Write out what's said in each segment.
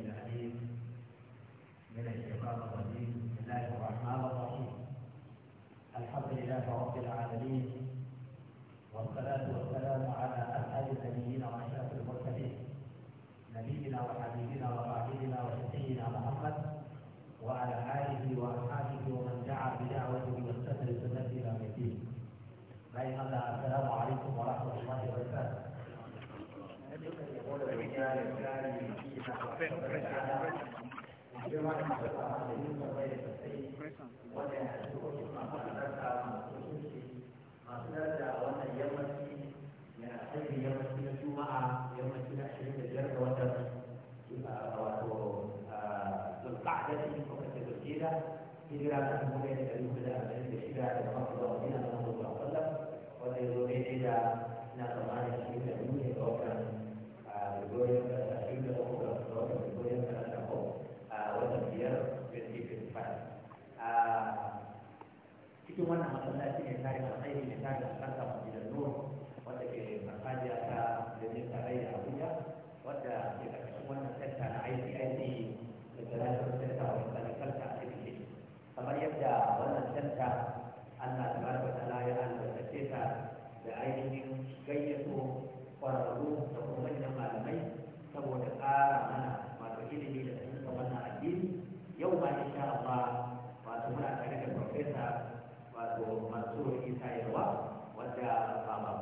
العليم من الشيطان الرجيم بسم الله الرحمن الرحيم الحمد لله رب العالمين والصلاة والسلام على أسعد النبيين وأشرف المرسلين نبينا وحبيبنا وقائدنا وشفينا محمد وعلى آله وأصحابه ومن دعا بدعوته واستنى سنته إلى يوم الدين. السلام عليكم ورحمة الله وبركاته. Thank you.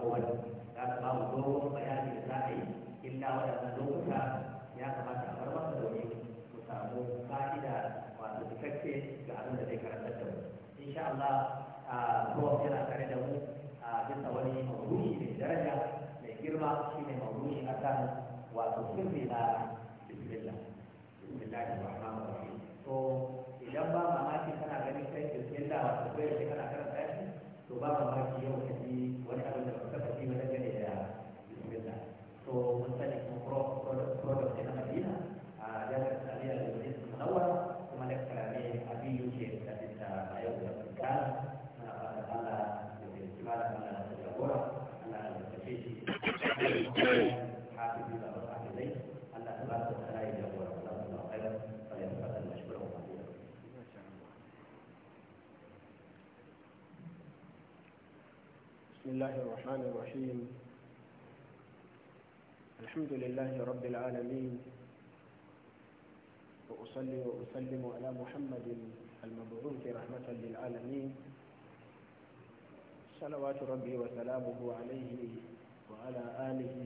kowane ya ka babu dogon bayani da za a yi illa waɗannan lokuta ya kamata a bar masa domin mu samu fa'ida wato cikakke ga abin da zai karantar da mu insha Allah kowa ah, yana tare da mu الله الرحمن الرحيم الحمد لله رب العالمين وأصلي وأسلم على محمد المبعوث رحمة للعالمين صلوات ربي وسلامه عليه وعلى آله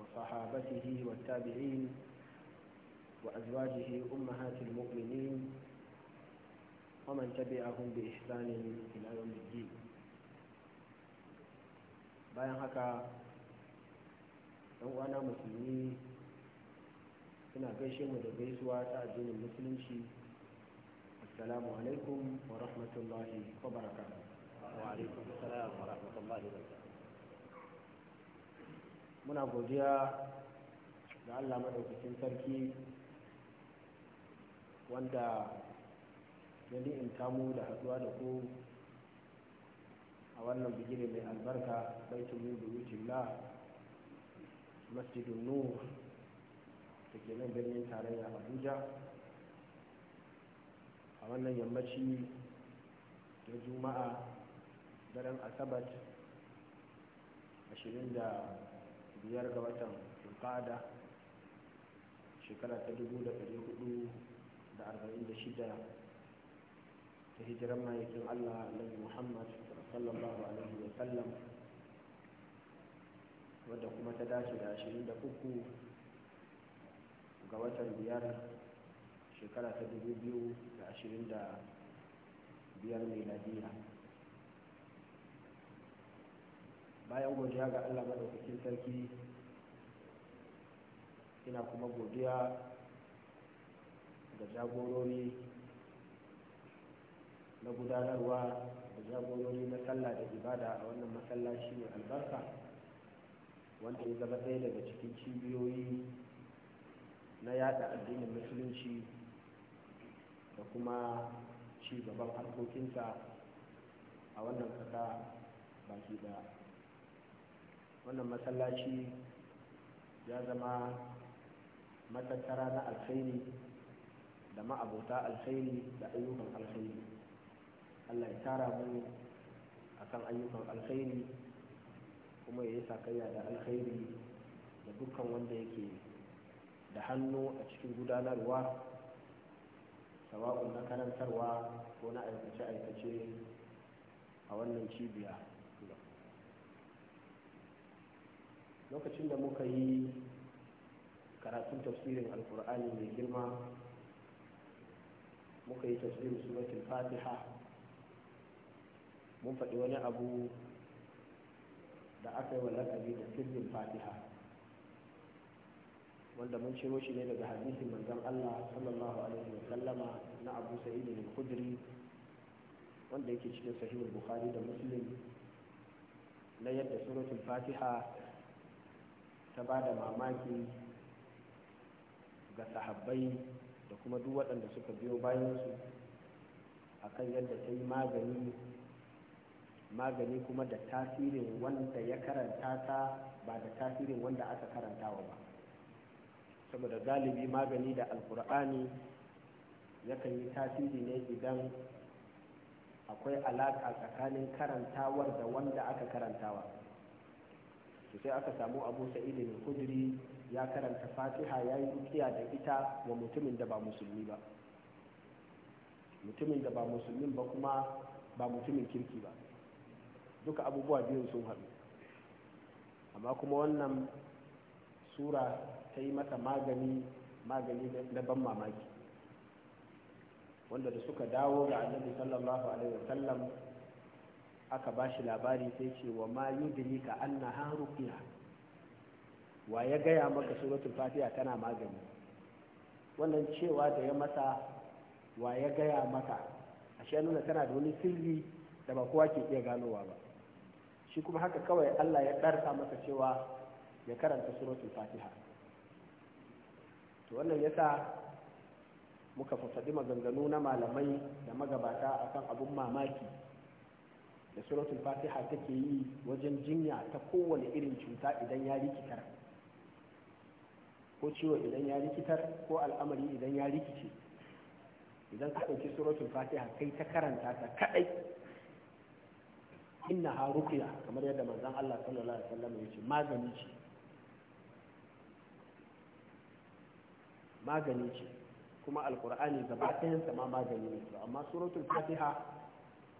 وصحابته والتابعين وأزواجه أمهات المؤمنين ومن تبعهم بإحسان إلى يوم الدين bayan haka yan uwana musulmi suna gaishe mu da gaisuwa ta addinin musulunci assalamu alaikum wa rahmatullahi wa baraka wa alaikum wa rahmatullahi wa muna godiya da Allah madaukakin sarki wanda ya ni'imta mu da haɗuwa da ku a wannan bigini mai albarka baitul min masjidun nur da ke nan birnin tarayya abuja a wannan yammaci da juma'a daren asabar 25 ga watan zulqa'ada shekara ta 1446 ta hijiran mahaifin allah nabi muhammad sallallahu alaihi wa sallam wadda kuma ta dace da 23 ga watan biyar shekara ta biyar mai miladiya bayan godiya ga allah maɗaukakin sarki ina kuma godiya ga jagorori na gudanarwa da jagorori na sallah da ibada a wannan masallaci ne albarka wanda ya zama ɗaya daga cikin cibiyoyi na yada addinin musulunci da kuma ci gaban harkokinsa a wannan kasa baki da wannan masallaci ya zama matattara na alkhairi da ma'abota alkhairi da ayyukan alkhairi Allah ya tara mu akan ayyukan alkhairi kuma ya yi sakayya da alkhairi da dukkan wanda yake da hannu a cikin gudanarwa sawa'un na karantarwa ko na aikace-aikace a wannan cibiya lokacin da muka yi karatun tafsirin alkur'ani mai girma muka yi tafsirin suratul fatiha mun faɗi wani abu da aka yi wa lakabi da sirrin fatiha wanda mun ciro shi ne daga hadisin manzon Allah sallallahu alaihi wa sallama na Abu Sa'id al-Khudri wanda yake cikin sahihul Bukhari da Muslim na yadda suratul Fatiha ta ba mamaki ga sahabbai da kuma duk waɗanda suka biyo bayansu akan yadda ta yi magani magani kuma da tasirin wanda ya karanta ta ba da tasirin wanda aka karantawa ba saboda galibi magani da alkur'ani yakan yi tasiri ne idan akwai alaƙa tsakanin karantawar da wanda aka karantawa sai aka samu abu sa'idin kuduri ya karanta fatiha ya yi rukiya da ita wa mutumin da ba musulmi ba mutumin da ba musulmin ba kuma ba mutumin kirki ba duka abubuwa biyun sun haɗu amma kuma wannan sura ta yi masa magani magani na ban mamaki wanda da suka dawo ga annabi sallallahu alaihi wasallam aka ba shi labari sai ce wa ma yi yudrika annaha ruqya wa ya gaya maka suratul fatiha tana magani wannan cewa da ya masa wa ya gaya maka ashe nuna tana da wani sirri da ba kowa ke iya ganowa ba shi kuma haka kawai Allah ya ɗarsa masa cewa ya karanta suratul fatiha to wannan yasa muka fasadi maganganu na malamai da magabata akan abun mamaki da suratul fatiha take yi wajen jinya ta kowane irin cuta idan ya rikitar ko ciwo idan ya rikitar ko al'amari idan ya rikice idan ka ɗauki suratul fatiha kai ta karanta ta kaɗai inna ha kamar yadda manzon Allah sallallahu alaihi wasallam ya ce magani ce magani ce kuma alkur'ani gaba ɗayan ma magani ne to amma suratul fatiha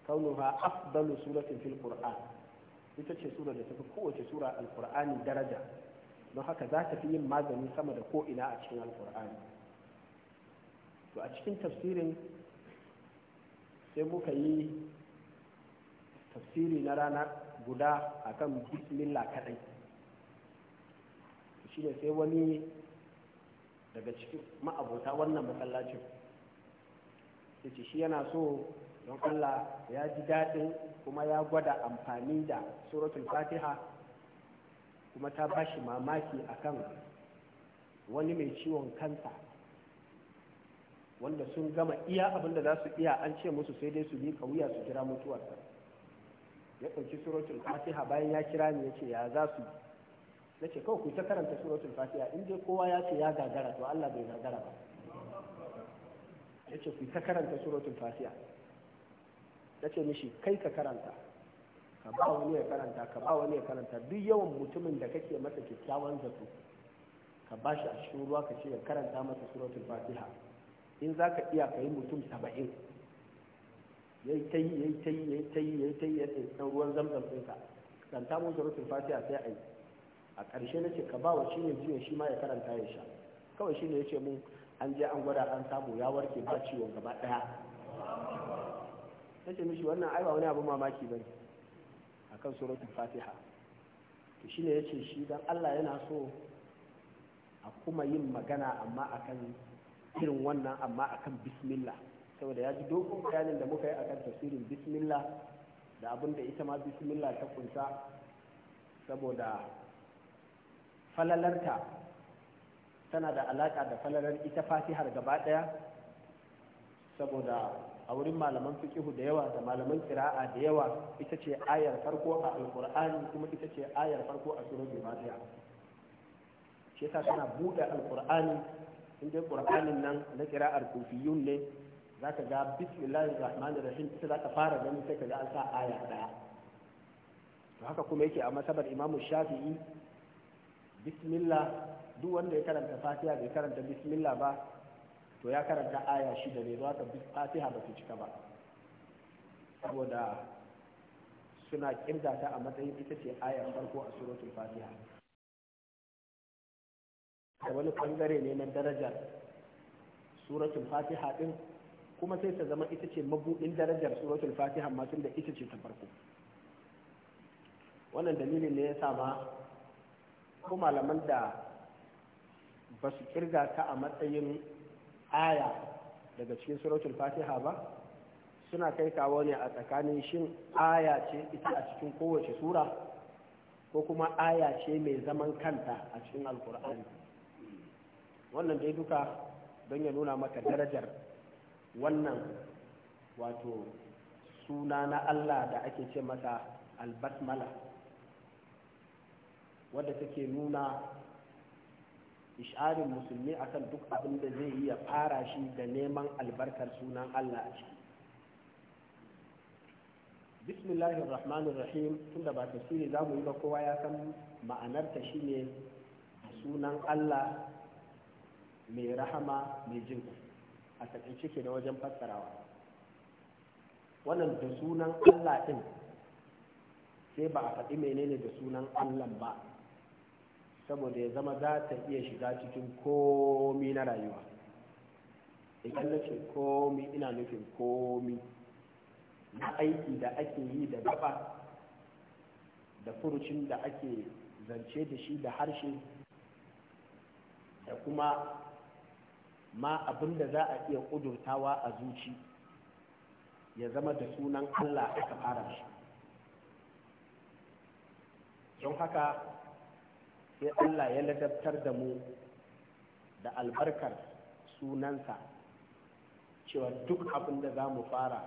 kaunuha afdalu suratin fil qur'an ita ce sura da tafi kowace sura alkur'ani daraja don haka za ta fi yin magani sama da ko ina a cikin alkur'ani to a cikin tafsirin sai muka yi tafsiri na rana guda akan bismillah kadai shi ne sai wani daga cikin ma'abota wannan masallacin ya ce shi yana so don Allah ya ji daɗin kuma ya gwada amfani da suratul fatiha kuma ta ba shi mamaki akan wani mai ciwon kanta wanda sun gama iya abin da za su iya an ce musu sai dai su bi wuya su jira mutuwarsa ya ɗauki suratul fatiha bayan ya kira ni yace ya za su na ce kawai ku ta karanta suratul fatiha in dai kowa ya ce ya gagara to Allah bai gagara ba ya ce ku ta karanta suratul fatiha na ce mishi kai ka karanta ka ba wani ya karanta ka ba wani ya karanta duk yawan mutumin da kake masa kyakkyawan zato ka ba shi a cikin ruwa ka ce ya karanta masa suratul fatiha in za ka iya ka mutum saba'in ya yi ta yi ya yi ta yi ya yi ta yi ya yi ta yi ya yi ta ruwan zamzam ɗinka dan ta mun rufin fatiha sai a yi a ƙarshe na ce ka ba wa shi ne jiya shi ma ya karanta ya sha kawai shi ne ya ce mun an je an gwada an samu ya warke ba ciwon gaba ɗaya na ce mishi wannan ai ba wani abin mamaki ba ne a kan surutun fatiha to shi ne ya ce shi dan allah yana so a kuma yin magana amma akan irin wannan amma akan bismillah saboda ya ji dokun bayanin da muka yi a kan tasirin bismillah da abin da ita ma bismillah ta kunsa saboda falalarta tana da alaƙa da falalar ita fatihar gaba ɗaya saboda a wurin malaman fikihu da yawa da malaman kira'a da yawa ita ce ayar farko a alƙur'ani kuma ita ce ayar farko a suratul fatiha shi yasa tana buɗe alƙur'ani inda ƙur'anin nan na kira'ar kufiyun ne za ka ga bismillahir rahmanir rahim sai za ka fara gani sai ka ga an sa aya daya to haka kuma yake a masabar imamu shafi'i bismillah duk wanda ya karanta fatiha bai karanta bismillah ba to ya karanta aya shida ne za ka fatiha ba su cika ba saboda suna kirga ta a matsayin ita ce ayar farko a suratul fatiha da wani bangare ne na darajar suratul fatiha din kuma sai ta zama ita ce mabuɗin darajar suratul fatiha ma tunda ita ce ta farko wannan dalilin ne ya sa ma ko malaman da ba su kirga ta a matsayin aya daga cikin suratul fatiha ba suna kai kawo ne a tsakanin shin aya ce ita a cikin kowace sura ko kuma aya ce mai zaman kanta a cikin alkur'ani wannan dai duka don ya nuna maka darajar wannan wato suna na Allah da ake ce mata albasmala wadda take nuna isharin musulmi akan duk abin da zai iya fara shi da neman albarkar sunan Allah a ciki bismillahir rahmanir rahim tunda ba tafsiri za mu yi ba kowa ya san ma'anarta shine sunan Allah mai rahama mai jinku. a taƙaice ke da wajen fassarawa wannan da sunan Allah ɗin sai ba a faɗi menene da sunan Allah ba saboda ya zama za ta iya shiga cikin komi na rayuwa idan na ce komi ina nufin komi na aiki da ake yi da gaba da furucin da ake zance da shi da harshe da kuma ma abin da za a iya ƙudurtawa a zuci ya zama da sunan Allah aka fara shi don haka sai Allah ya ladabtar da mu da albarkar sunansa cewa duk abin da za mu fara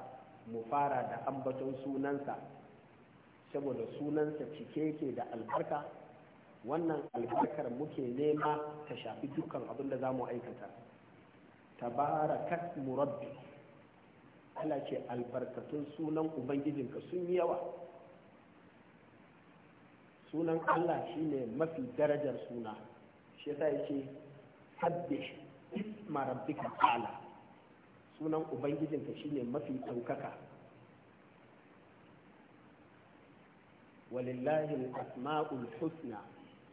mu fara da ambaton sunansa saboda sunansa cike yake da albarka wannan albarkar muke nema ta shafi dukkan abin da za mu aikata tabarakat murabbi Allah ce albarkatun sunan ubangijinka sun yi yawa sunan Allah shi ne mafi darajar suna shi yasa yace sabbih isma ka ala sunan ubangijinka shi ne mafi ɗaukaka walillahi asma'ul husna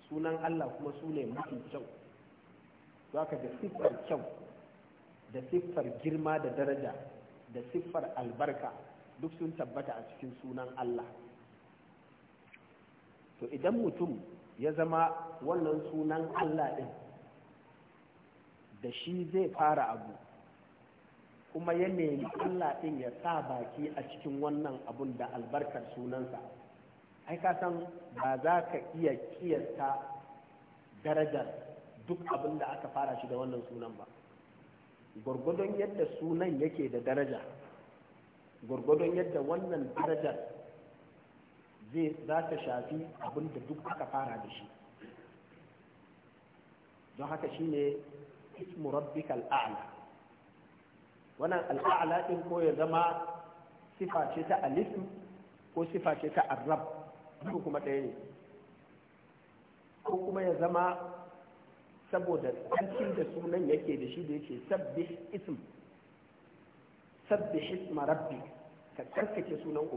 sunan Allah kuma su ne mafi kyau za ka da siffar kyau da siffar girma da daraja da siffar albarka duk sun tabbata a cikin sunan Allah to idan mutum ya zama wannan sunan Allah ɗin da shi zai fara abu kuma ya nemi Allah ɗin ya sa baki a cikin wannan abun da albarkar sunansa ai ka san ba za ka iya kiyasta darajar duk abin da aka fara shi da wannan sunan ba gwargwadon yadda sunan yake da daraja gwargwadon yadda wannan darajar zai za ta shafi abin da duk aka fara da shi don haka shine ismu rabbikal a'la wannan al'a'la ɗin ko ya zama sifa ce ta alifu ko sifa ce ta arab duk kuma ɗaya ne ko kuma ya zama saboda tsarkin da sunan yake da shi da yake sabbih ism sabbih ism rabbi ka tsarkake sunan ka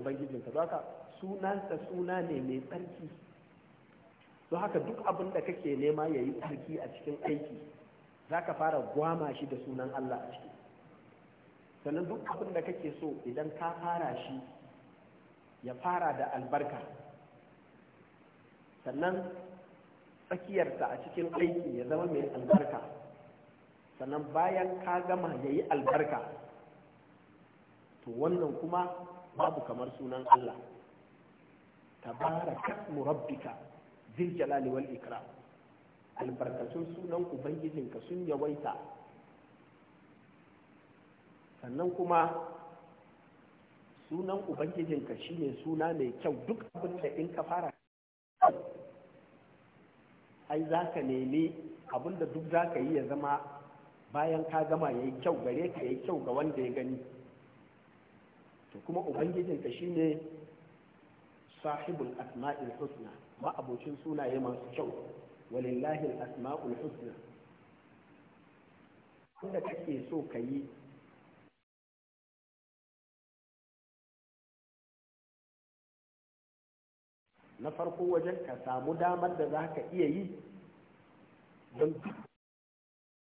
zaka sunan sunansa suna ne mai tsarki don haka duk abin da kake nema yayi tsarki a cikin aiki zaka fara gwama shi da sunan Allah a ciki sannan duk abin da kake so idan ka fara shi ya fara da albarka sannan tsakiyarsa a cikin aiki ya zama mai albarka sannan bayan ka gama ya yi albarka to wannan kuma babu kamar sunan Allah tabaraka murabbika zil jalali wal ikram albarkatun sunan ubangijinka sun yawaita sannan kuma sunan ubangijinka shine suna mai kyau duk abin da in ka fara ai za ka nemi abinda duk za ka yi ya zama bayan ka gama ya yi kyau gare ka ya yi kyau ga wanda ya gani to kuma ubangijinka shine sahibul asma'il husna ma'abocin sunaye masu kyau walillahi asma'ul husna wanda kake so ka yi na farko wajen ka samu damar da za ka iya yi don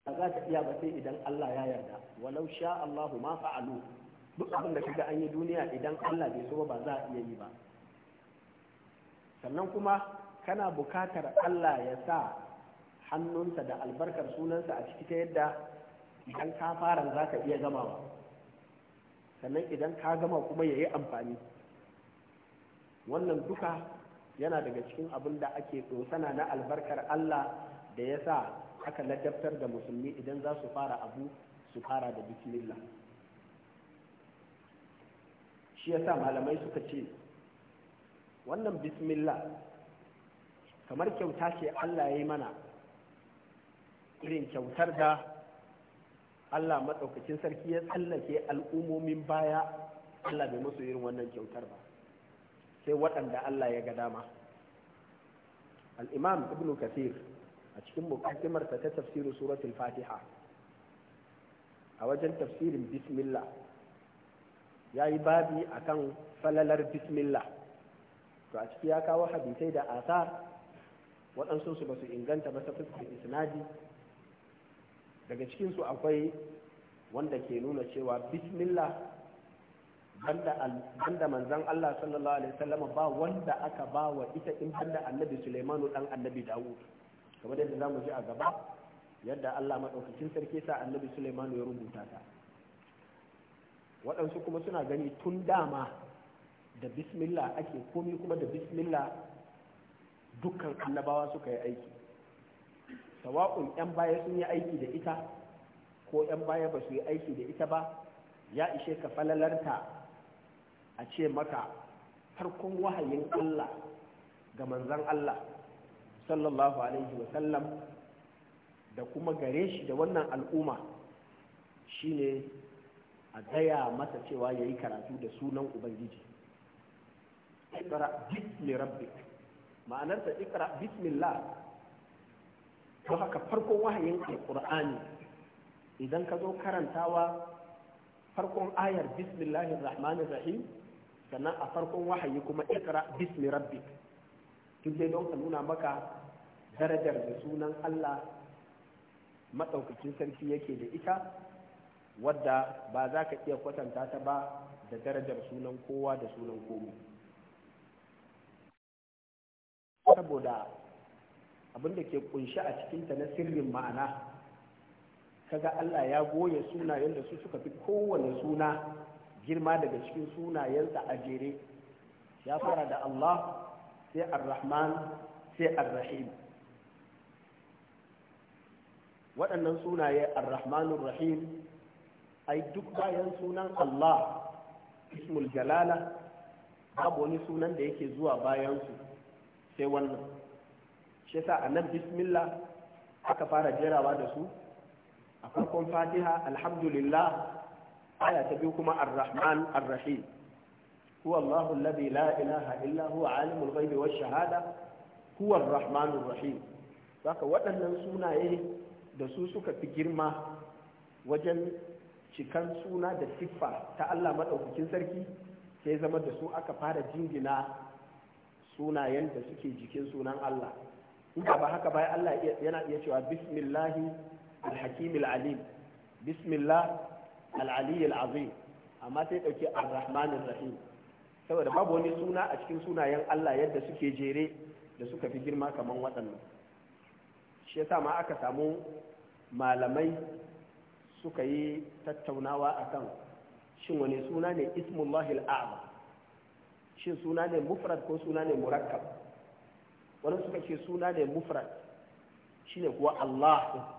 ba za ka iya ba sai idan Allah ya yarda walau sha Allahu ma fa'alu duk abin da kaga an yi duniya idan Allah bai so ba za a iya yi ba sannan kuma kana bukatar Allah ya sa hannunsa da albarkar sunansa a ciki ta yadda idan ka fara za ka iya gamawa sannan idan ka gama kuma ya yi amfani wannan duka yana daga cikin abin da ake tsosana na albarkar Allah da ya sa aka ladabtar da musulmi idan za su fara abu su fara da bismillah shi ya sa malamai suka ce wannan bismillah kamar kyauta ce Allah ya yi mana irin kyautar da Allah maɗaukacin sarki ya tsallake al'ummomin baya Allah bai musu irin wannan kyautar ba sai waɗanda Allah ya ga dama al-imam ibn kathir a cikin mukaddimarsa ta tafsirin suratul fatiha a wajen tafsirin bismillah ya yi babi kan falalar bismillah to a ciki ya kawo hadisai da asar waɗansu su ba su inganta ba ta fuskar isnadi daga cikinsu akwai wanda ke nuna cewa bismillah banda manzan Allah sallallahu alaihi wasallama ba wanda aka ba wa ita in banda annabi Sulaimanu dan annabi Dawud kamar yadda za mu ji a gaba yadda Allah maɗaukacin sarki sa annabi Sulaimanu ya rubuta ta waɗansu kuma suna gani tun dama da bismillah ake komi kuma da bismillah dukkan annabawa suka yi aiki sawa'un 'yan baya sun yi aiki da ita ko 'yan baya ba su yi aiki da ita ba ya ishe ka falalarta a ce maka farkon wahayin Allah ga manzan Allah sallallahu alaihi wasallam da kuma gare shi da wannan al'umma shine a gaya masa cewa ya yi karatu da sunan ubangiji ikra bismi rabbik ta ikra bismillah to haka farkon wahayin alqur'ani idan ka zo karantawa farkon ayar bismillahir rahmanir rahim sannan a farkon wahayi kuma ikra bismi rabbik duk dai don ka nuna maka darajar da sunan Allah maɗaukacin sarki yake da ita wadda ba za ka iya kwatanta ta ba da darajar sunan kowa da sunan komi saboda abin da ke kunshi a cikinta na sirrin ma'ana kaga Allah ya goye sunayen da su suka fi kowane suna girma daga cikin sunayensa a jere ya fara da Allah sai ar-Rahman sai ar-Rahim waɗannan sunaye ar-Rahmanur Rahim ai duk bayan sunan Allah ismul jalala babu wani sunan da yake zuwa bayan su sai wannan shi yasa anan bismillah aka fara jerawa da su a farkon Fatiha alhamdulillah aya ta biyu kuma ar-rahman ar-rahim huwa Allahu alladhi la ilaha illa huwa alimul ghaibi wash shahada huwa ar-rahman ar-rahim saka waɗannan sunaye da su suka fi girma wajen cikan suna da siffa ta Allah madaukakin sarki sai zama da su aka fara jingina sunayen da suke jikin sunan Allah in ba haka baya Allah yana iya cewa bismillahi al alim bismillah al azim amma sai ɗauki ar-rahman rahim saboda babu wani suna a cikin sunayen Allah yadda suke jere da suka fi girma kamar waɗannan shi yasa ma aka samu malamai suka yi tattaunawa akan shin wani suna ne ismullahil Aba? shin suna ne mufrad ko suna ne murakkab wani suka ce suna ne mufrad shine kuwa Allah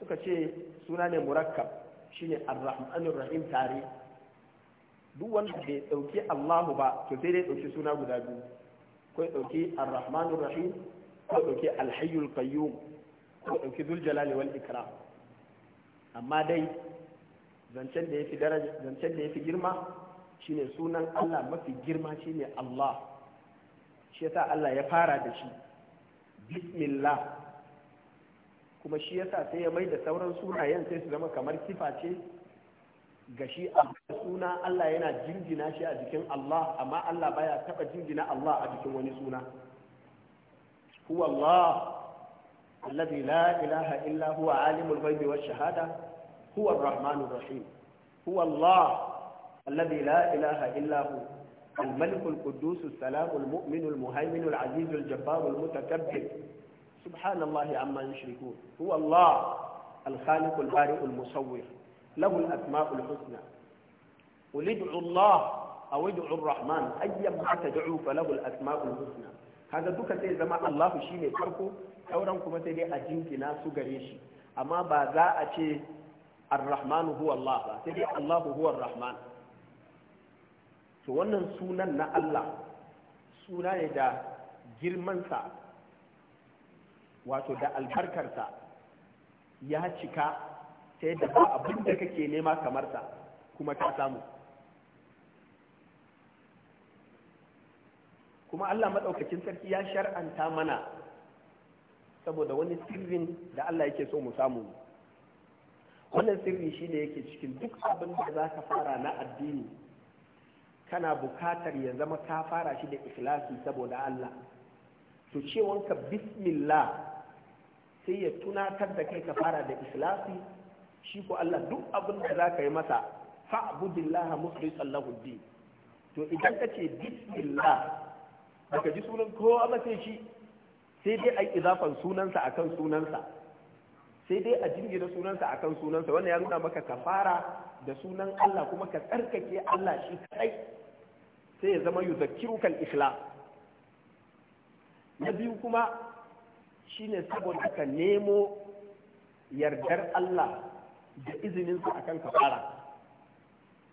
suka ce suna ne murakkab shine ar rahim tare duk wanda bai dauki Allahu ba to sai dai dauki suna guda biyu ko dauki ar-rahmanur rahim ko dauki al qayyum ko dauki dhul jalali wal ikram amma dai zancen da yafi daraja zancen da yafi girma shine sunan Allah mafi girma shine Allah shi yasa Allah ya fara da shi bismillah kuma shi yasa sai ya mai da sauran sunayen sai su zama kamar sifa ce ga shi a suna Allah yana jingina shi a jikin Allah amma Allah baya taba jingina Allah a jikin wani suna huwa Allah alladhi la ilaha illa huwa alimul ghaibi wash shahada huwa ar-rahmanur rahim huwa Allah alladhi la ilaha illa hu الملك القدوس السلام المؤمن المهيمن العزيز الجبار المتكبر سبحان الله عما يشركون هو الله الخالق البارئ المصور له الأسماء الحسنى قل ادعوا الله أو ادعوا الرحمن أيما تدعوا فله الأسماء الحسنى هذا دوكا سي زما الله شيني فرقو sauran kuma sai dai a jinkina su gare shi amma ba za a ce arrahmanu huwa Allah ba sai dai Allahu huwa rahman to wannan sunan na Allah suna ne da girmansa wato da albarkarsa ya cika sai da ba abin da kake nema kamar ta kuma ka samu kuma Allah maɗaukakin sarki ya shar'anta mana saboda wani sirrin da Allah yake so mu samu wannan sirri shine yake cikin duk abin da za ka fara na addini kana bukatar ya zama ka fara shi da ikhlasi saboda Allah to cewanka bismillah sai ya tunatar da kai ka fara da ikhlasi shi ko Allah duk abin da za ka yi masa fa'budillaha mukhlishan lahu din to idan ka ce bismillah baka ji sunan kowa ba sai shi sai dai a yi izafan sunansa akan sunansa sai dai a jingina sunansa akan sunansa wannan ya nuna maka kafara da sunan Allah kuma ka tsarkake Allah shi kai sai ya zama yuzakkiruka islam na biyu kuma Shi ne saboda ka nemo yardar Allah da izininsa a kan kafara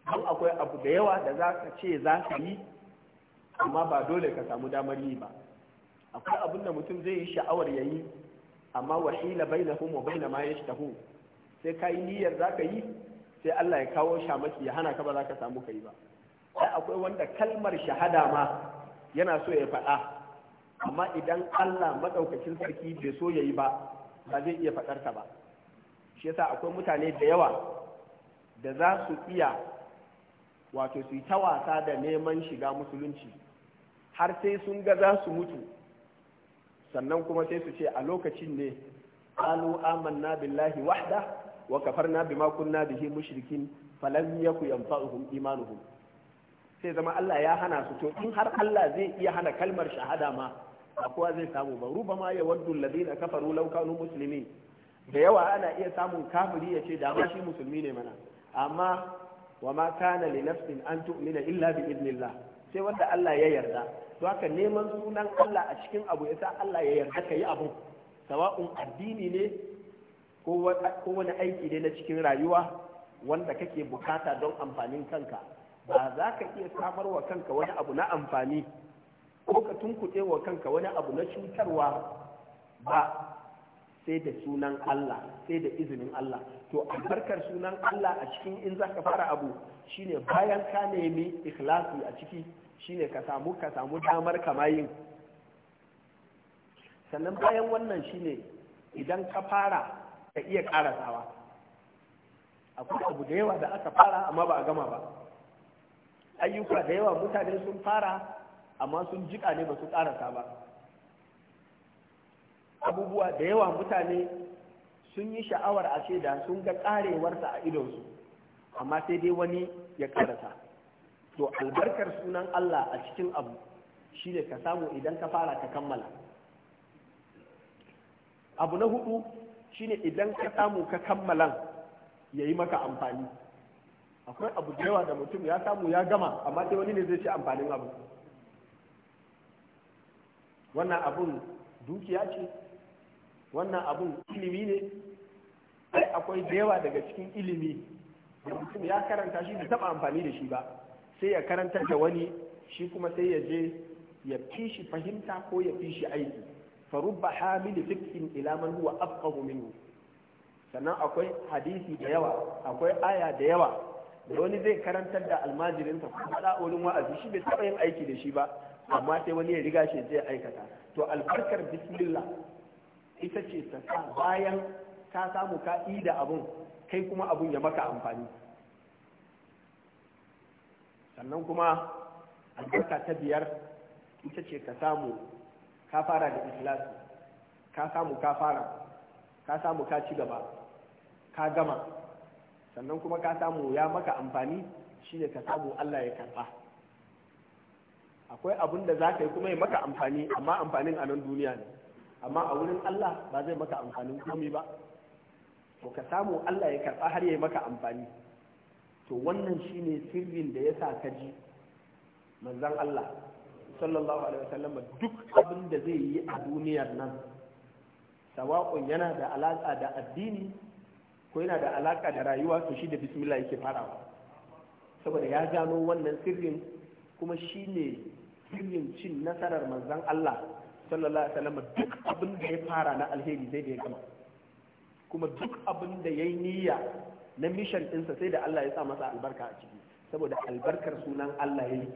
don akwai abu da yawa da za ka ce za ka yi amma ba dole ka samu damar yi ba akwai abin da mutum zai yi sha'awar yayi yi amma wahila bai na wa bai na ma ya shi sai ka yi niyyar za ka yi sai Allah ya kawo shamaki ya hana ka ba za ka samu ka yi ba sai akwai wanda kalmar shahada ma yana so ya faɗa amma idan Allah madaukakin sarki bai so ya yi ba ba zai iya faɗar ta ba shi yasa akwai mutane da yawa da za su iya wato su yi ta wasa da neman shiga musulunci har sai sun ga za su mutu sannan kuma sai su ce a lokacin ne qalu amanna billahi wahda wa kafarna bima kunna bihi mushrikin falam yaku yanfa'uhum imanuhum sai zama Allah ya hana su to in har Allah zai iya hana kalmar shahada ma ba kowa zai samu ba ruba ma ya waddu ladina kafaru law kanu muslimin da yawa ana iya samun kafiri ya ce da ma shi musulmi ne mana amma wa ma kana li nafsin an tu'mina illa bi idnillah sai wanda Allah ya yarda to haka neman sunan Allah a cikin abu yasa Allah ya yarda kai abu sawa'un addini ne ko wani aiki ne na cikin rayuwa wanda kake bukata don amfanin kanka ba za ka iya samar wa kanka wani abu na amfani ko ka tunkuɗe wa kanka wani abu na cutarwa ba sai da sunan Allah sai da izinin Allah to albarkar sunan Allah a cikin in za ka fara abu shine bayan ka nemi ikhlasi a ciki shine ka samu ka samu damar kamayin sannan bayan wannan shine idan ka fara ka iya karasawa akwai abu da yawa da aka fara amma ba a gama ba ayyuka da yawa mutane sun fara amma sun jika ne ba su karasa ba abubuwa da yawa mutane sun yi sha'awar a ce da sun ga karewarsa a idonsu amma sai dai wani ya karasa to albarkar sunan Allah a cikin abu shi ka samu idan ka fara ka kammala abu na hudu shine idan ka samu ka kammalan ya yi maka amfani akwai abu da yawa da mutum ya samu ya gama amma sai wani ne zai ci amfanin abu wannan abun dukiya ce wannan abun ilimi ne ai akwai da yawa daga cikin ilimi da mutum ya karanta shi bai taba amfani da shi ba sai ya karanta da wani shi kuma sai ya je ya fi shi fahimta ko ya fi shi aiki farubba hamili fikin ila man huwa afqahu minhu sannan akwai hadisi da yawa akwai aya da yawa da wani zai karantar da almajirinsa ko faɗa wani wa'azi shi bai taba yin aiki da shi ba amma sai wani ya riga shi zai aikata to albarkar bismillah ita ce ta sa bayan ka samu ka da abun kai kuma abun ya maka amfani sannan kuma albarka ta biyar ita ce ka samu ka fara da ikhlasi ka samu ka fara ka samu ka ci gaba ka gama sannan kuma ka samu ya maka amfani shine ka samu Allah ya karba akwai abin da za ka yi kuma ya maka amfani amma amfanin a nan duniya ne amma a wurin Allah ba zai maka amfanin komi ba to ka samu Allah ya karɓa har ya maka amfani to wannan shine sirrin da ya sa ka ji manzon Allah sallallahu alaihi wasallam duk abin da zai yi a duniyar nan sawa'un yana da alaka da addini ko yana da alaka da rayuwa to shi da bismillah yake farawa saboda ya gano wannan sirrin kuma shine sirrin cin nasarar manzan Allah sallallahu alaihi wasallam duk abin da ya fara na alheri zai da ya gama kuma duk abin da yayi niyya na mission ɗinsa sai da Allah ya sa masa albarka a ciki saboda albarkar sunan Allah ya yi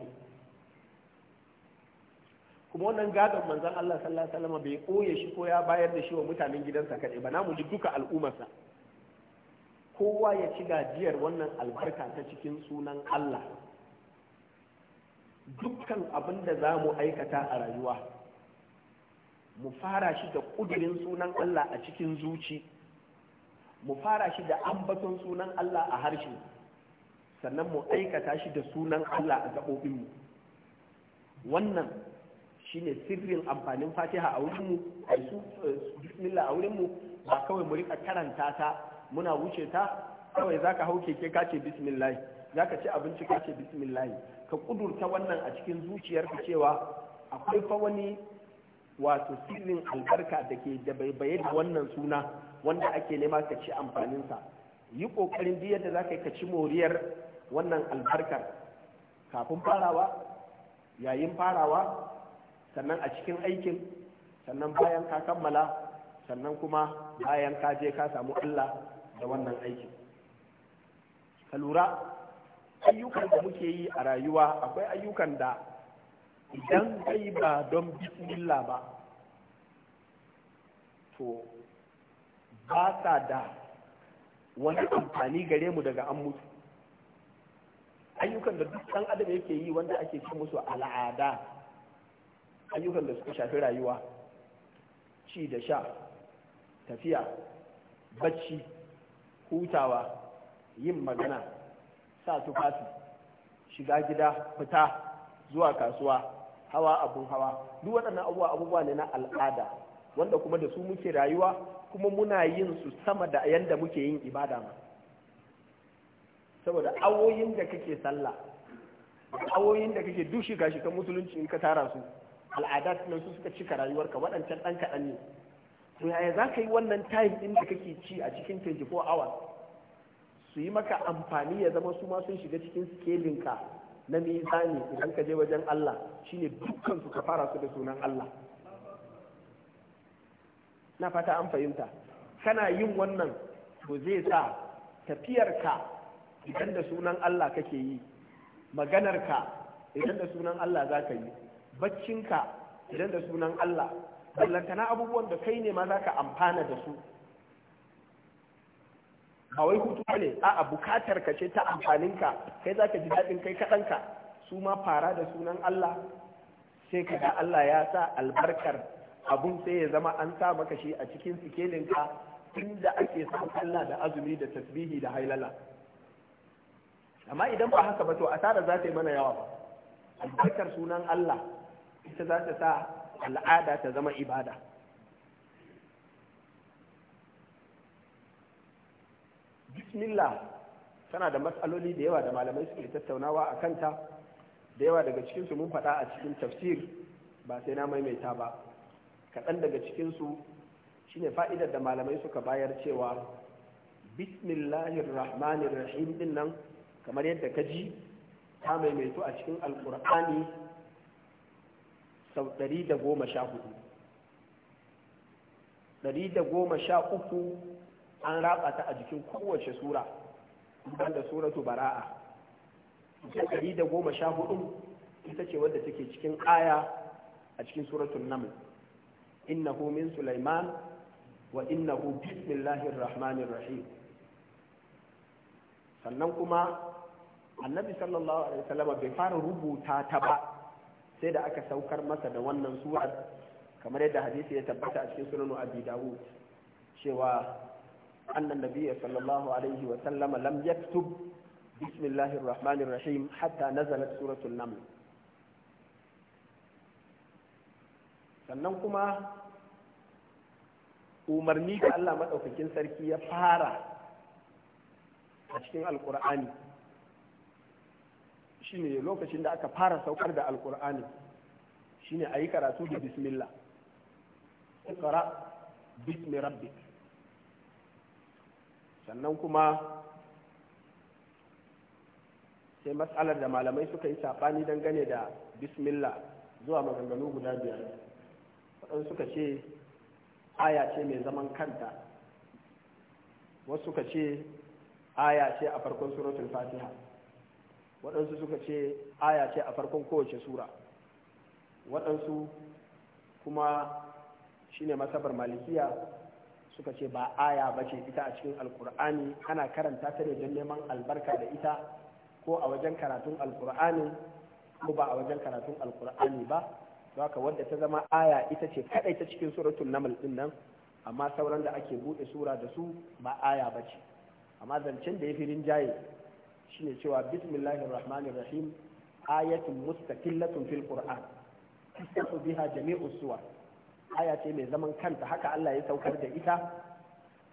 kuma wannan gadon manzan Allah sallallahu alaihi wasallam bai koye shi ko ya bayar da shi wa mutanen gidansa kaɗai ba namu ji duka al'ummarsa kowa ya ci gajiyar wannan albarka ta cikin sunan Allah dukkan abin da za mu aikata a rayuwa mu fara shi da ƙudurin sunan Allah a cikin zuci mu fara shi da ambaton sunan Allah a harshe sannan mu aikata shi da sunan Allah a gaɓoɓinmu wannan shi ne sirrin amfanin fatiha a wurinmu a eh, bismillah a wurinmu ba kawai mu rika karanta ta muna wuce ta kawai zaka hau keke ka ce bismillah zaka ci abinci ka ce bismillah ka kudurta wannan a cikin zuciyarka cewa akwai fa wani wato sirrin albarka da ke da baibaye da wannan suna wanda ake nema ka ci amfaninsa yi ƙoƙarin biyar da za ka yi ka ci moriyar wannan albarkar kafin farawa yayin farawa sannan a cikin aikin sannan bayan ka kammala sannan kuma bayan ka je ka samu Allah da wannan aikin ka lura ayyukan da muke yi a rayuwa akwai ayyukan da idan kai ba don bismillah ba to ba sa da wani amfani gare mu daga an mutu ayyukan da duk ɗan adam yake yi wanda ake ce musu al'ada ayyukan da suka shafi rayuwa ci da sha tafiya bacci hutawa yin magana sa tufafi shiga gida fita zuwa kasuwa hawa abun hawa duk waɗannan abubuwa abubuwa ne na al'ada wanda kuma da su muke rayuwa kuma muna yin su sama da yanda muke yin ibada ma saboda awoyin da kake sallah awoyin da kake shiga gashi kan musulunci in ka tara su al'ada nan su suka cika rayuwarka waɗancan ɗan kaɗan ne to yaya za ka yi wannan time ɗin da kake ci a cikin 24 hours su yi maka amfani ya zama su ma sun shiga cikin skelinka na mizani idan ka je wajen Allah shine dukkan su ka fara su da sunan Allah na fata an fahimta kana yin wannan to zai sa tafiyarka idan da sunan Allah kake yi maganarka idan da sunan Allah za ka yi baccinka idan da sunan Allah ballantana abubuwan da kai ne ma za ka amfana da su ba wai hutu ne a'a bukatar ka ce ta amfaninka kai zaka ji daɗin kai kaɗanka su ma fara da sunan Allah sai ka ga Allah ya sa albarkar abun sai ya zama an sa maka shi a cikin sikelinka inda ake san Allah da azumi da tasbihi da hailala amma idan ba haka ba to asara za ta yi mana yawa ba albarkar sunan Allah ita za ta sa al'ada ta zama ibada bismillah tana da matsaloli da yawa da malamai suke tattaunawa a kanta da yawa daga cikinsu mun faɗa a cikin tafsir ba sai na maimaita ba kaɗan daga cikinsu shine fa'idar da malamai suka bayar cewa bismillahir rahmanir rahim din nan kamar yadda ka ji ta maimaito a cikin alkur'ani sau ɗari ɗari da da goma sha uku. an raba ta a jikin kowace sura da suratu bara'a ita da goma sha hudu ita ce wadda take cikin aya a cikin suratun naml innahu min sulaiman wa innahu bismillahir rahmanir rahim sannan kuma annabi sallallahu alaihi wasallam bai fara rubuta ta ba sai da aka saukar masa da wannan surar kamar yadda hadisi ya tabbata a cikin sunan abi dawud cewa أن النبي صلى الله عليه وسلم لم يكتب بسم الله الرحمن الرحيم حتى نزلت سورة النمل sannan kuma umarni da Allah maɗaukakin sarki ya fara a cikin alkur'ani ne lokacin da aka fara saukar da alkur'ani shine a yi karatu da bismillah ikra bismi rabbi. sannan kuma sai matsalar da malamai suka yi saɓani dangane da bismillah zuwa maganganu guda biyar waɗansu suka ce aya ce mai zaman kanta wasu suka ce aya ce a farkon suratul fatiha waɗansu suka ce aya ce a farkon kowace sura waɗansu kuma shine masabar malikiya suka ce ba aya ba ce ita a cikin alkur'ani ana karanta ta ne don neman albarka da ita ko a wajen karatun alkur'ani ko ba a wajen karatun alkur'ani ba haka wadda ta zama aya ita ce kadai ta cikin suratul namal din nan amma sauran da ake bude sura da su ba aya ba ce amma zancen da ya fi rinjaye shine cewa bismillahir rahmanir rahim ayatun mustaqillatun fil qur'an tasahu biha jami'us suwar aya ce mai zaman kanta haka Allah ya saukar da ita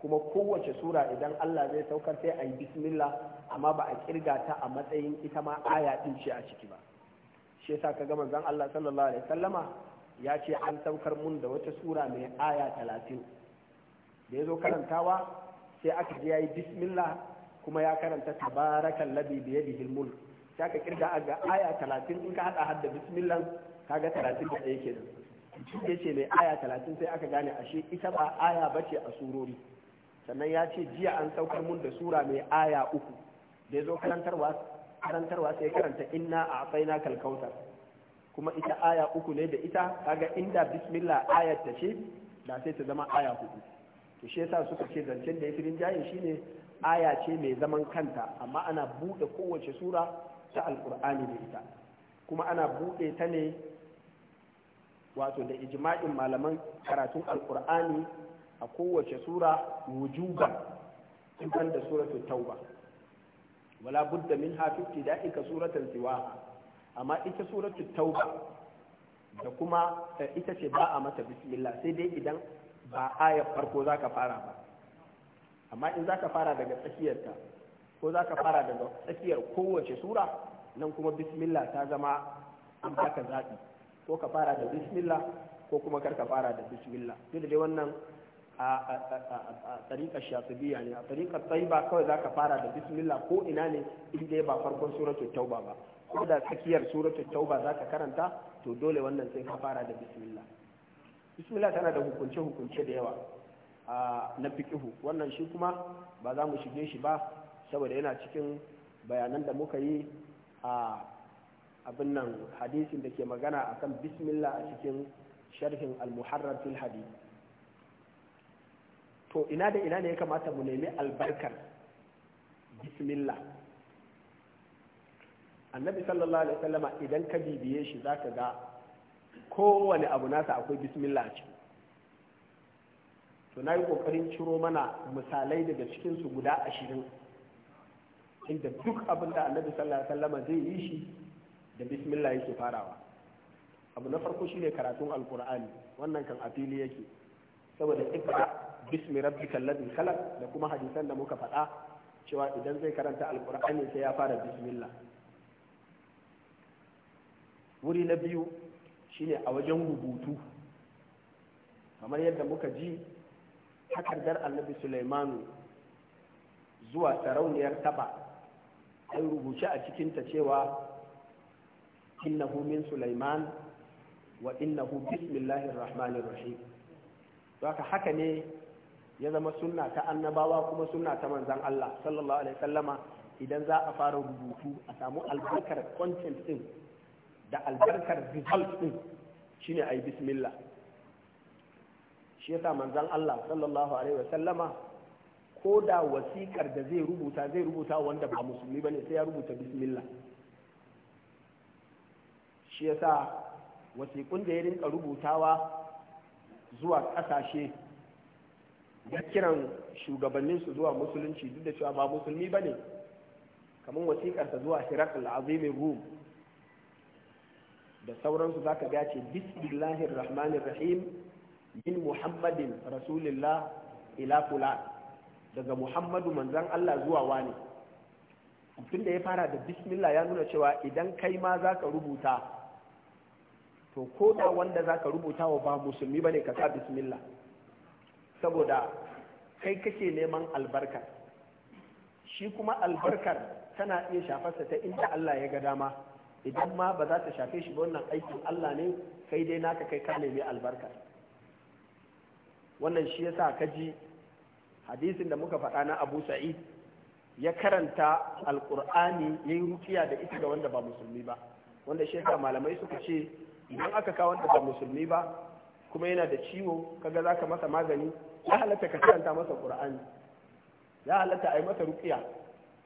kuma kowace sura idan Allah zai saukar sai a yi bismillah amma ba a kirga ta a matsayin ita ma aya din ce a ciki ba shi yasa kaga manzon Allah sallallahu alaihi wasallama ya ce an saukar mun da wata sura mai aya talatin da ya zo karantawa sai aka ji yayi bismillah kuma ya karanta tabarakal ladhi bi yadihi mulk sai aka kirga ga aya talatin in ka hada hadda bismillah kaga da ke su ya ce mai aya talatin sai aka gane ashe ita ba aya ba ce a surori sannan ya ce jiya an saukar mun da sura mai aya uku da ya zo karantarwa sai karanta inna a afaina kalkautar kuma ita aya uku ne da ita kaga inda bismillah aya ta ce da sai ta zama aya hudu to shi yasa suka ce zancen da ya fi shi shine aya ce mai zaman kanta amma ana buɗe kowace sura ta alkur'ani da ita kuma ana buɗe ta ne wato da ijma'in malaman karatun alkur'ani a kowace sura wujuba idan da suratu tauba wala budda min hafi ibtida'i ka suratan siwaha amma ita suratul tauba da kuma eh, ita ce ba a mata bismillah sai dai idan ba ayar farko zaka fara ba amma in zaka fara daga tsakiyarta ko zaka fara daga tsakiyar kowace sura nan kuma bismillah ta zama an baka zaɓi ko ka fara da bismillah ko kuma kar ka fara da bismillah duk da dai wannan a tariƙar shatibiya ne a tariƙar ba kawai za ka fara da bismillah ko ina ne in dai ba farkon suratul tauba ba ko da tsakiyar suratul tauba za ka karanta to dole wannan sai ka fara da bismillah bismillah tana da hukunce hukunce da yawa na fiqihu wannan shi kuma ba za mu shige shi ba saboda yana cikin bayanan da muka yi a abin nan hadisin da ke magana a kan bismillah a cikin sharhin al-muharrar fil hadith to ina da ina ne ya kamata mu nemi albarkar bismillah annabi sallallahu alaihi wasallama idan ka bibiye shi zaka ga kowane abu nasa akwai bismillah a ciki to na yi kokarin ciro mana misalai daga cikinsu guda ashirin inda duk abinda da annabi sallallahu alaihi wasallama zai yi shi da bismillah yake farawa abu na farko shine karatun alkur'ani wannan kan a fili yake saboda ikra bismi rabbikal ladhi khalaq da kuma hadisan da muka faɗa cewa idan zai karanta alkur'ani sai ya fara bismillah wuri na biyu shine a wajen rubutu kamar yadda muka ji takardar annabi sulaimanu zuwa sarauniyar taba an rubuce a cikinta cewa innahu min Sulaiman wa innahu bismillahir rahmanir rahim haka ne ya zama sunna ta annabawa kuma sunna ta manzan Allah sallallahu alaihi sallama idan za a fara rubutu a samu albarkar content din da albarkar result din shine ayi bismillah shi yasa manzan Allah sallallahu alaihi sallama ko da wasiƙar da zai rubuta zai rubuta wanda ba musulmi ne sai ya rubuta bismillah shi sa wasiƙun da ya rinka rubutawa zuwa ƙasashe ya kiran shugabannin su zuwa musulunci duk da cewa ba musulmi ba ne kamar wasiƙarsa zuwa shirar al'azimin rum da sauransu za ka ce bismillahir rahmanir rahim min muhammadin rasulillah ila daga muhammadu manzan allah zuwa wani tun da ya fara da bismillah ya nuna cewa idan kai ma za ka rubuta to ko da wanda zaka rubuta wa ba musulmi bane ka sa bismillah saboda kai kake neman albarkar shi kuma albarkar tana iya shafarsa ta inda Allah ya ga dama idan ma ba za ta shafe shi ba wannan aikin Allah ne kai dai naka kai ka nemi albarkar wannan shi yasa ka ji hadisin da muka faɗa na Abu Sa'id ya karanta alkur'ani ya yi rukiya da ita ga wanda ba musulmi ba wanda shi malamai suka ce idan aka kawo da musulmi ba kuma yana da ciwo kaga zaka masa magani ya halatta ka karanta masa qur'ani ya halatta a yi masa ruqiya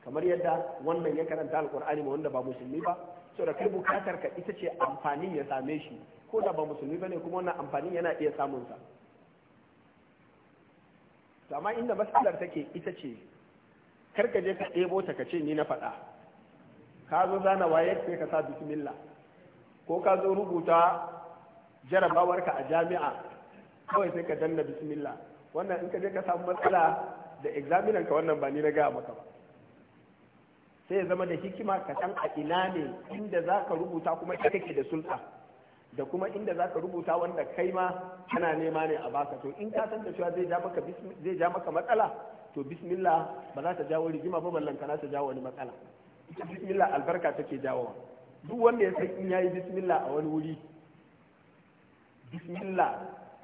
kamar yadda wannan ya karanta alqur'ani ma wanda ba musulmi ba saboda kai bukatar ka ita ce amfanin ya same shi ko da ba musulmi bane kuma wannan amfanin yana iya samun sa amma inda matsalar take ita ce karka je ka ɗebo ta ka ce ni na faɗa ka zo zana waye sai ka sa bismillah ko ka zo rubuta jarabawarka a jami'a kawai sai ka danna bismillah wannan in ka je ka samu matsala da examinan ka wannan ba ni na gaya maka ba sai ya zama da hikima ka san a ina ne inda za ka rubuta kuma ita kake da sulta da kuma inda za ka rubuta wanda kai ma kana nema ne a baka to in ka san da cewa zai ja maka zai ja maka matsala to bismillah ba za ta jawo rigima ba ballan kana ta jawo wani matsala ita bismillah albarka take jawowa duk wanda ya san in yayi bismillah a wani wuri bismillah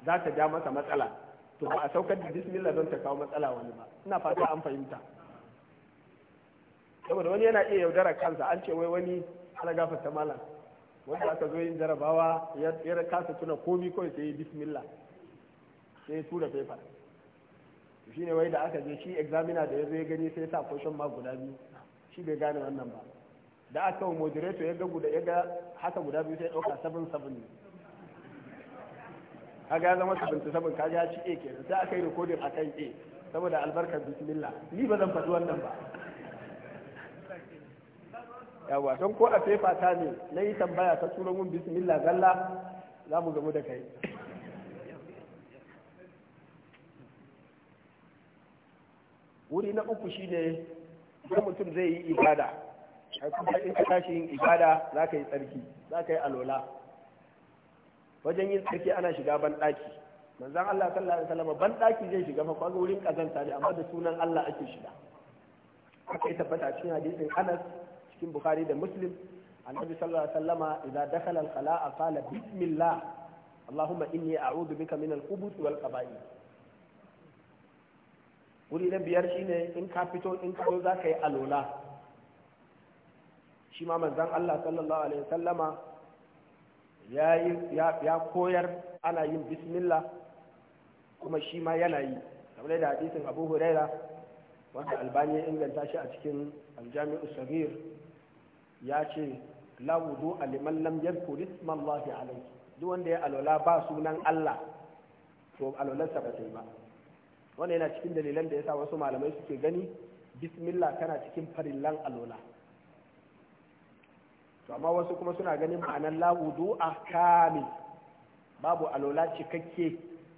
za ta ja masa matsala to ba a saukar da bismillah don ta kawo matsala wani ba ina fata an fahimta saboda wani yana iya yaudara kansa an ce wai wani ana ta malam wanda aka zo yin jarabawa ya kasa tuna komi kawai sai yi bismillah sai ya tura paper shi ne wai da aka je shi examiner da ya zo ya gani sai sa question ma guda biyu shi bai gane wannan ba da aka wa moderator ya ga guda ya ga haka guda biyu sai ɗauka sabon sabon ne kaga ya zama sabon sabon kaga ya ci a ke sai aka yi rikodin a kan a saboda albarkar bismillah ni ba zan faɗi wannan ba yawa don ko a fefa ta ne na yi tambaya ta turo mun bismillah zalla za mu gamu da kai wuri na uku shine ne mutum zai yi ibada kuma in ka tashi yin ibada za ka yi tsarki za ka yi alola wajen yin tsarki ana shiga ban ɗaki manzan Allah sallallahu alaihi wasallam ban ɗaki zai shiga fa kwazo wurin kazanta ne amma da sunan Allah ake shiga haka ya tabbata cikin hadisin Anas cikin Bukhari da Muslim annabi sallallahu alaihi wasallama idza dakhala al-qala'a qala bismillah allahumma inni a'udhu bika min al-khubuth wal qaba'ith wuri na biyar shine in ka fito in ka zo za ka yi alola shi ma manzon Allah sallallahu alaihi wasallama ya ya koyar ana yin bismillah kuma shi ma yana yi kamar da hadisin Abu Huraira wanda Albani ya inganta shi a cikin Al-Jami'u ya ce la wudu liman lam yadhkur isma Allah alayhi duk wanda ya alwala ba sunan Allah to alwalarsa ba sai ba wannan yana cikin dalilan da yasa wasu malamai suke gani bismillah tana cikin farillan alwala amma wasu kuma suna ganin ma'anar lawudu a kamil babu alola cikakke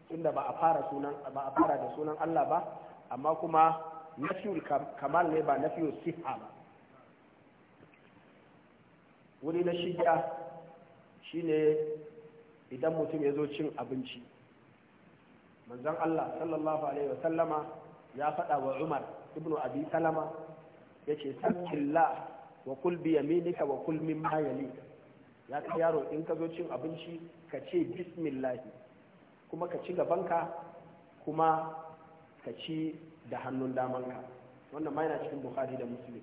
tunda ba a fara sunan ba a fara da sunan Allah ba amma kuma nafiyul kamal ne ba nafiyul siha ba wuri na shiga shine idan mutum ya zo cin abinci manzon Allah sallallahu alaihi wa ya faɗa wa Umar ibnu Abi Salama yace sakillah wa kul bi yaminika wa kul mimma yalika ya ka yaro in ka zo cin abinci ka ce bismillah kuma ka ci gabanka kuma ka ci da hannun damanka wannan ma yana cikin bukhari da muslim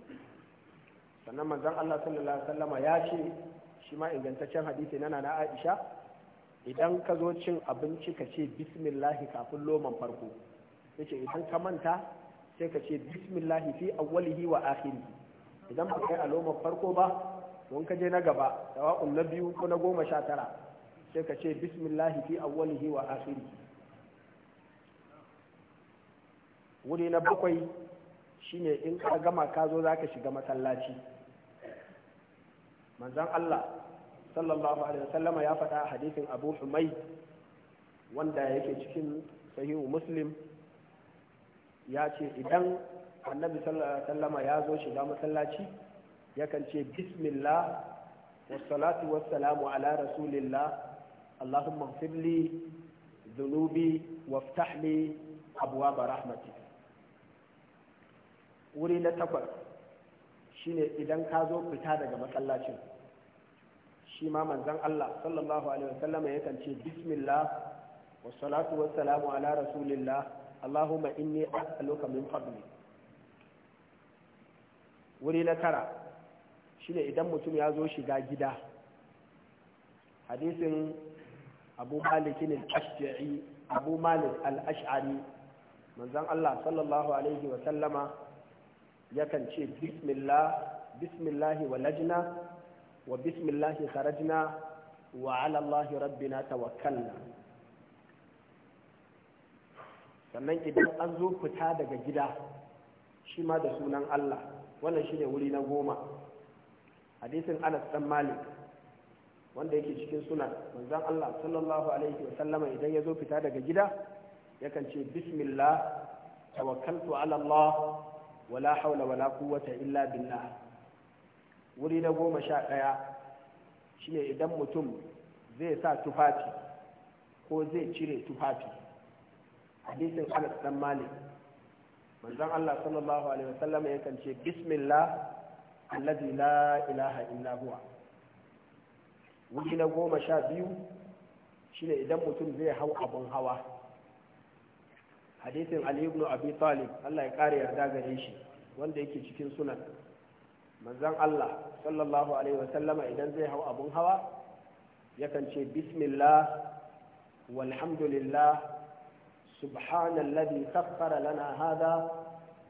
sannan manzon Allah sallallahu alaihi wasallama ya ce shi ma ingantaccen hadisi na na Aisha idan ka zo cin abinci ka ce bismillahi kafin loman farko yace idan ka manta sai ka ce bismillahi fi awwalihi wa akhirihi idan ba kai alomar farko ba don ka je na gaba tawa'un na biyu ko na goma sha tara sai ka ce bismillahi fi awwalihi wa akhiri wuri na bakwai shine in ka gama ka zo za shiga masallaci manzon Allah sallallahu alaihi wasallam ya faɗa hadisin Abu Humay wanda yake cikin sahihu Muslim ya ce idan annabi sallallahu alaihi wasallama ya zo shiga masallaci yakan ce bismillah wassalatu wassalamu ala rasulillah Allahumma اغفر لي ذنوبي وافتح لي أبواب رحمتك wuri na takwas shine idan ka zo fita daga masallacin shi ma manzon Allah sallallahu alaihi wasallam yakan ce bismillah wassalatu wassalamu ala rasulillah allahumma inni as'aluka min fadlik wuri na tara shine idan mutum ya zo shiga gida hadisin abu malikin al-ashja'i abu malik al-ash'ari manzon Allah sallallahu alaihi wa sallama yakan ce bismillah wa walajna wa bismillahi kharajna wa ala Allahi rabbina tawakkalna sannan idan an zo fita daga gida shi ma da sunan Allah wannan shine wuri na goma hadisin anas dan malik wanda yake cikin suna manzon Allah sallallahu alaihi wa sallama idan yazo fita daga gida yakan ce bismillah tawakkaltu ala Allah wala hawla wala quwwata illa billah wuri na goma sha ɗaya shine idan mutum zai sa tufafi ko zai cire tufafi hadisin anas dan malik manzon Allah sallallahu alaihi wasallam yakan ce bismillah alladhi la ilaha illa huwa wuri na goma sha biyu shine idan mutum zai hau abun hawa hadisin Ali ibn Abi Talib Allah ya kare yarda gare shi wanda yake cikin sunan manzon Allah sallallahu alaihi wasallama idan zai hau abun hawa yakan ce bismillah walhamdulillah سبحان الذي سخر لنا هذا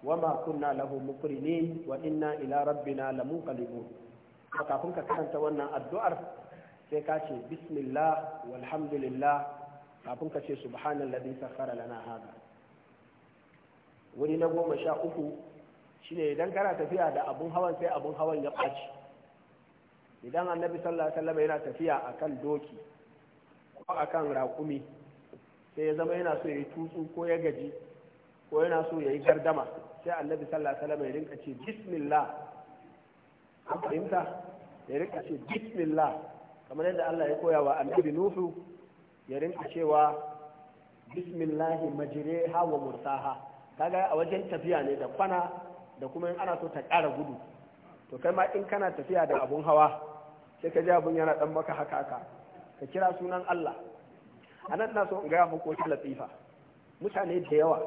وما كنا له مقرنين وإنا إلى ربنا لمنقلبون فكافنك كانت وانا الدعر سيكاشي بسم الله والحمد لله كافنك شي سبحان الذي سخر لنا هذا wuri na goma sha uku shine idan kana tafiya da abun hawan sai abun hawan ya ɓaci idan annabi sallallahu alaihi wasallam yana tafiya akan doki ko akan raƙumi sai ya zama yana so ya yi tutsu ko ya gaji ko yana so ya yi gardama sai annabi sallallahu alaihi wasallam ya rinka ce bismillah an fahimta ya rinka ce bismillah kamar yadda Allah ya koya wa annabi Nuhu ya rinka cewa bismillah majriha wa mursaha kaga a wajen tafiya ne da kwana da kuma in ana so ta ƙara gudu to kai ma in kana tafiya da abun hawa sai ka ji abun yana dan maka haka haka ka kira sunan Allah a nan na so in gaya muku wata latifa mutane da yawa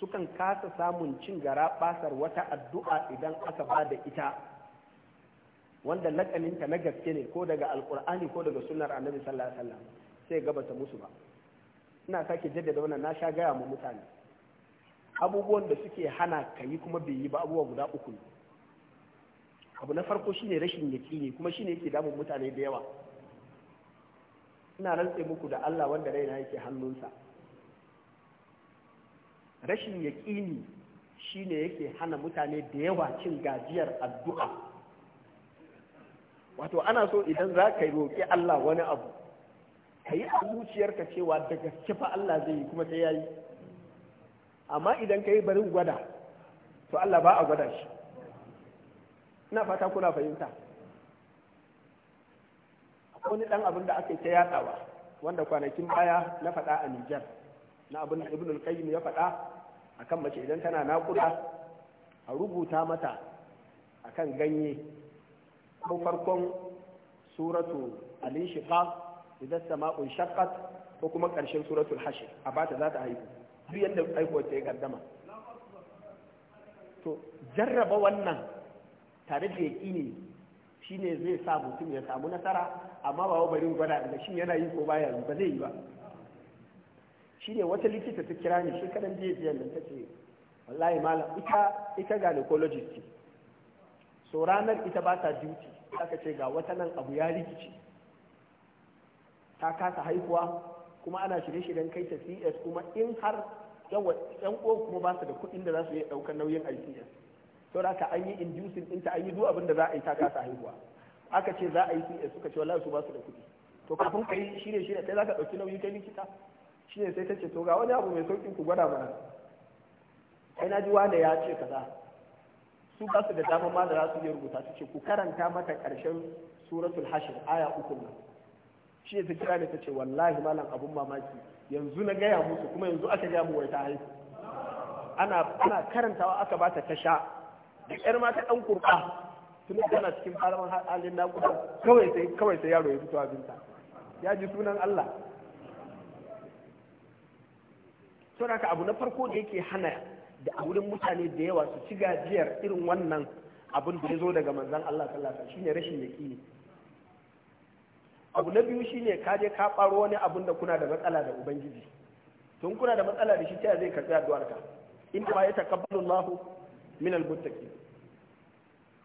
sukan kasa samun cin gara basar wata addu'a idan aka ba da ita wanda lakaninta na gaske ne ko daga alkur'ani ko daga sunnar annabi sallallahu alaihi wasallam sai gabata musu ba ina sake jaddada wannan na sha gaya mu mutane abubuwan da suke hana ka yi kuma bai yi ba abubuwa guda uku ne abu na farko shine rashin yaƙini kuma shine yake damun mutane da yawa ina rantse muku da Allah wanda raina yake hannunsa rashin yaƙini shine yake hana mutane da yawa cin gajiyar addu'a wato ana so idan za ka roƙi Allah wani abu ka yi a zuciyarka cewa da gaske fa Allah zai yi kuma sai ya yi amma idan ka yi barin gwada to Allah ba a gwada shi ina fata kuna fahimta wani dan abin da aka yi ta yadawa wanda kwanakin baya na faɗa a Nijar na abin da Ibn al-Qayyim ya faɗa akan mace idan tana naƙuda a rubuta mata akan ganye ko farkon suratu al-inshiqaq idan sama'un shaqqat ko kuma ƙarshen suratul hashr a bata za ta haihu duk yanda haihuwar ta ya kaddama to jarraba wannan tare da yaqini Shi ne zai sa mutum ya samu nasara amma ba bari gwada da shi yana yi ko baya ba zai yi ba Shi ne wata likita ta kira ni shekaran jiya jiya nan tace wallahi malam ita ita gynecologist ce so ranar ita ba ta duty aka ce ga wata nan abu ya rikici ta kasa haihuwa kuma ana shirye-shiryen kai ta cs kuma in har yan kuma ba su da kuɗin da za su iya ɗaukar nauyin ics don haka an yi inducing ɗinta an yi duk abin da za a yi ta kasa haihuwa aka ce za a yi cs suka ce wallahi su ba su da kuɗi to kafin ka yi shine shine kai za ka ɗauki nauyi kai likita shine sai ta ce to ga wani abu mai sauƙin ku gwada mana kai na ji wane ya ce kaza su ba su da dama ma da za su iya rubuta su ce ku karanta mata ƙarshen suratul hashir aya uku nan shi ne ta kira ne ta ce wallahi malam abun mamaki yanzu na gaya musu kuma yanzu aka gaya mu wai ta haihu ana ana karantawa aka bata ta sha duk yar mata ɗan kurɓa tun da tana cikin faraman halin naƙuda kawai sai kawai sai yaro ya fito abinta ya ji sunan Allah saboda abu na farko da yake hana da a wurin mutane da yawa su ci gajiyar irin wannan abin da ya zo daga manzan Allah sallallahu alaihi shine rashin yaƙini abu na biyu shine ka je ka ɓaro wani abin da kuna da matsala da ubangiji tun kuna da matsala da shi ta zai karɓi addu'arka in ma ya takabbalu Allahu min almuttaqi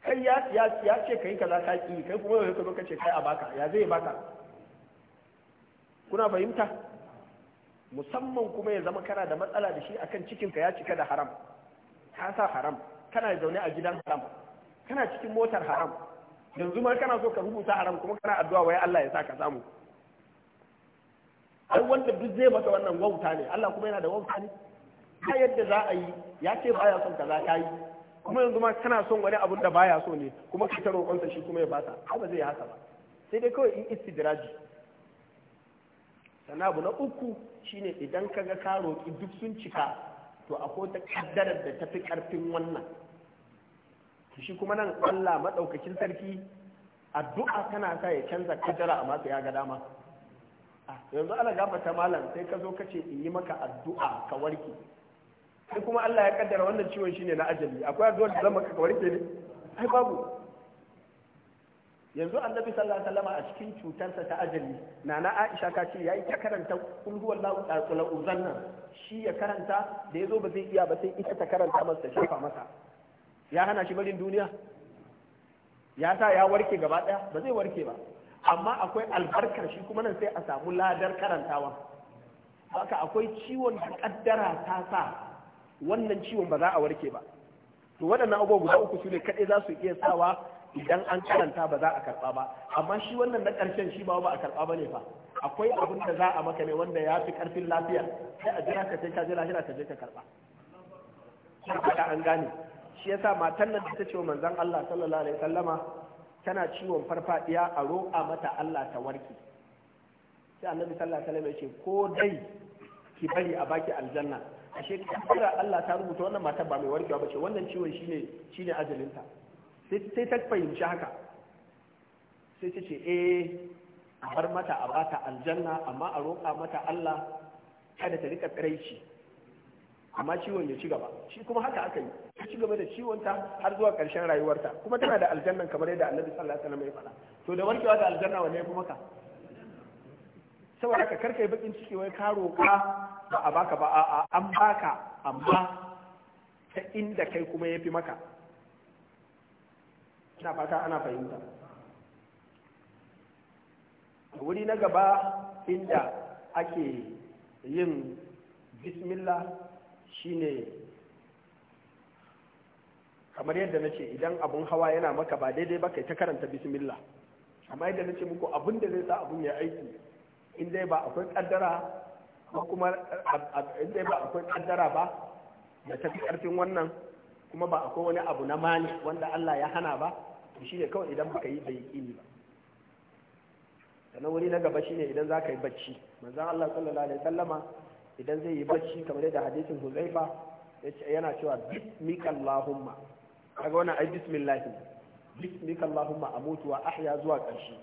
kai ya ya ya ce kai kaza ka ki kai kuma yau ka zo ka ce kai a baka ya zai baka kuna fahimta musamman kuma ya zama kana da matsala da shi akan cikin ka ya cika da haram ka sa haram kana zaune a gidan haram kana cikin motar haram yanzu ma kana so ka rubuta haram kuma kana addu'a wai Allah ya sa ka samu ai wanda duk zai masa wannan wauta ne Allah kuma yana da wauta ne ta yadda za a yi ya ce baya son kaza ta yi kuma yanzu ma kana son wani abun da baya so ne kuma ka ta roƙonsa shi kuma ya bata ai ba zai haka ba sai dai kawai in istidraji sannan abu na uku shine idan ka ga ka roƙi duk sun cika to akwai ta kaddarar da tafi karfin wannan shi kuma nan Allah madaukakin sarki addu'a tana sa ya canza kaddara a sai ya ga dama ah, yanzu ana gafata malam sai ka zo ka ce in yi maka addu'a ka warke sai kuma Allah ya kaddara wannan ciwon shine na ajali akwai addu'ar da zama ka ke ne ai babu yanzu annabi sallallahu alaihi wasallam a cikin cutarsa ta ajali nana Aisha ta ce yayi ta karanta kul huwallahu ahad uzanna shi ya karanta da yazo ba zai iya ba sai ita ta karanta masa ta shafa masa ya hana shi barin duniya ya sa ya warke gaba daya ba zai warke ba amma akwai albarkar shi kuma nan sai a samu ladar karantawa haka akwai ciwon da kaddara ta sa wannan ciwon ba za a warke ba to waɗannan abubuwa guda uku su ne kaɗai za su iya sawa idan an karanta ba za a karɓa ba amma shi wannan na ƙarshen shi ba ba a karɓa ba ne fa akwai abin da za a maka ne wanda ya fi ƙarfin lafiya sai a jira ka je ka jira jira ka je ka karɓa ka an gane shi yasa matan nan da ta ce wa manzon Allah sallallahu alaihi wasallama tana ciwon farfadiya a roƙa mata Allah ta warke sai annabi sallallahu alaihi wasallam ya ce ko dai ki bari a baki aljanna a shekara Allah ta rubuta wannan mata ba mai warkewa ba ce wannan ciwon shine shine ajalinta sai ta fahimci haka sai ta ce eh a bar mata a bata aljanna amma a roƙa mata Allah kada ta rika tsiraici amma ciwon ya ci gaba shi kuma haka aka yi ta ci gaba da ciwon ta har zuwa ƙarshen rayuwarta kuma tana da aljannan kamar yadda Annabi sallallahu alaihi wasallam ya faɗa to da warkewa da aljanna wanne ya fi maka saboda ka karka yi bakin ciki wai karo ka ba a baka ba a'a an baka amma ta inda kai kuma ya fi maka ina fata ana fahimta wuri na gaba inda ake yin bismillah shine kamar yadda na ce idan abun hawa yana maka ba daidai baka kai ta karanta bismillah amma yadda na ce muku abin da zai sa abun ya aiki in dai ba akwai kaddara ko kuma in dai ba akwai kaddara ba da tafi fi karfin wannan kuma ba akwai wani abu na mani wanda Allah ya hana ba to shine kawai idan baka yi bai yi ba sannan wuri na gaba shine idan za ka yi bacci manzon Allah sallallahu alaihi wasallama idan zai yi bacci kamar yadda hadisin Huzaifa yana cewa bismikallahumma kaga wannan ai bismillah bismikallahumma amutu wa ahya zuwa ƙarshe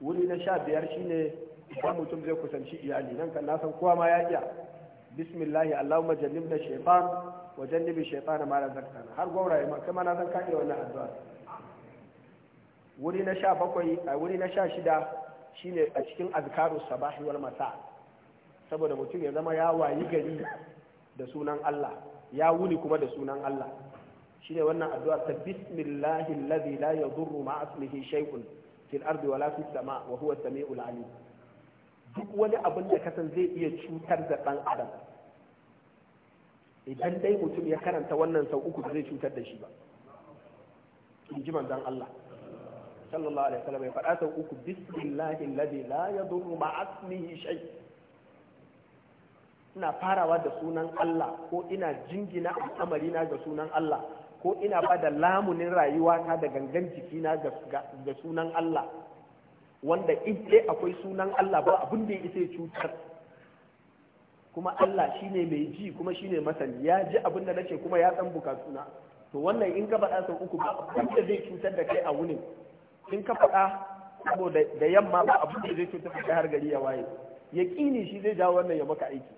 wuri na sha biyar shine idan mutum zai kusanci iyali nan kan nasan kowa ma ya iya bismillahi allahumma jannibna shaytan wa jannibi shaytana ma razaqtana har gauraye ma kai ma na san ka iya wannan addu'a wuri na sha bakwai a wuri na sha shida shine a cikin azkaru sabahi wal masa saboda mutum ya zama ya wayi gari da sunan Allah ya wuni kuma da sunan Allah shine wannan addu'a ta bismillahi alladhi la yadurru ma ismihi shay'un fil ardi wala fis sama wa huwa samiul alim duk wani abin da kasan zai iya cutar da dan adam idan dai mutum ya karanta wannan sau uku zai cutar da shi ba in ji manzon Allah sallallahu alaihi wasallam ya faɗa sau uku bismillahi alladhi la yadurru asmihi shay ina farawa da sunan Allah ko ina jingina al'amari na ga sunan Allah ko ina ba da lamunin rayuwata da gangan jikina ga sunan Allah wanda in akwai sunan Allah ba abin da ya isa cutar kuma Allah shi ne mai ji kuma shi ne masani ya ji abin da nace kuma ya san bukatuna to wannan in ka faɗa sau uku ba abin da zai cutar da kai a wunin in ka faɗa saboda da yamma ba abin da zai cutar da kai har gari ya waye yaƙini shi zai jawo wannan ya maka aiki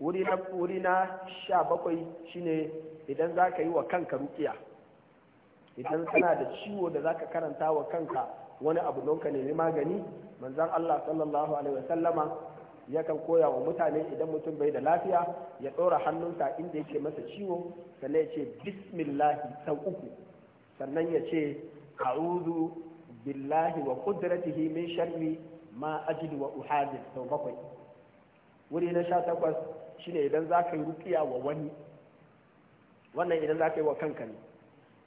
wuri na sha bakwai shine idan za ka yi wa kanka rukiya idan kana da ciwo da za ka karanta wa kanka wani abu don ka nemi magani manzan allah sallallahu alaihi wasallama kan koya wa mutane idan mutum bai da lafiya ya ɗora hannunsa inda yake masa ciwo sannan ya ce bismillahi sau uku sannan ya ce a'udhu billahi wa qudratihi min sharri ma ajidu wa uhadir sau bakwai wuri na sha takwas shine idan za ka yi rukiya wa wani wannan idan za ka yi wa kanka ne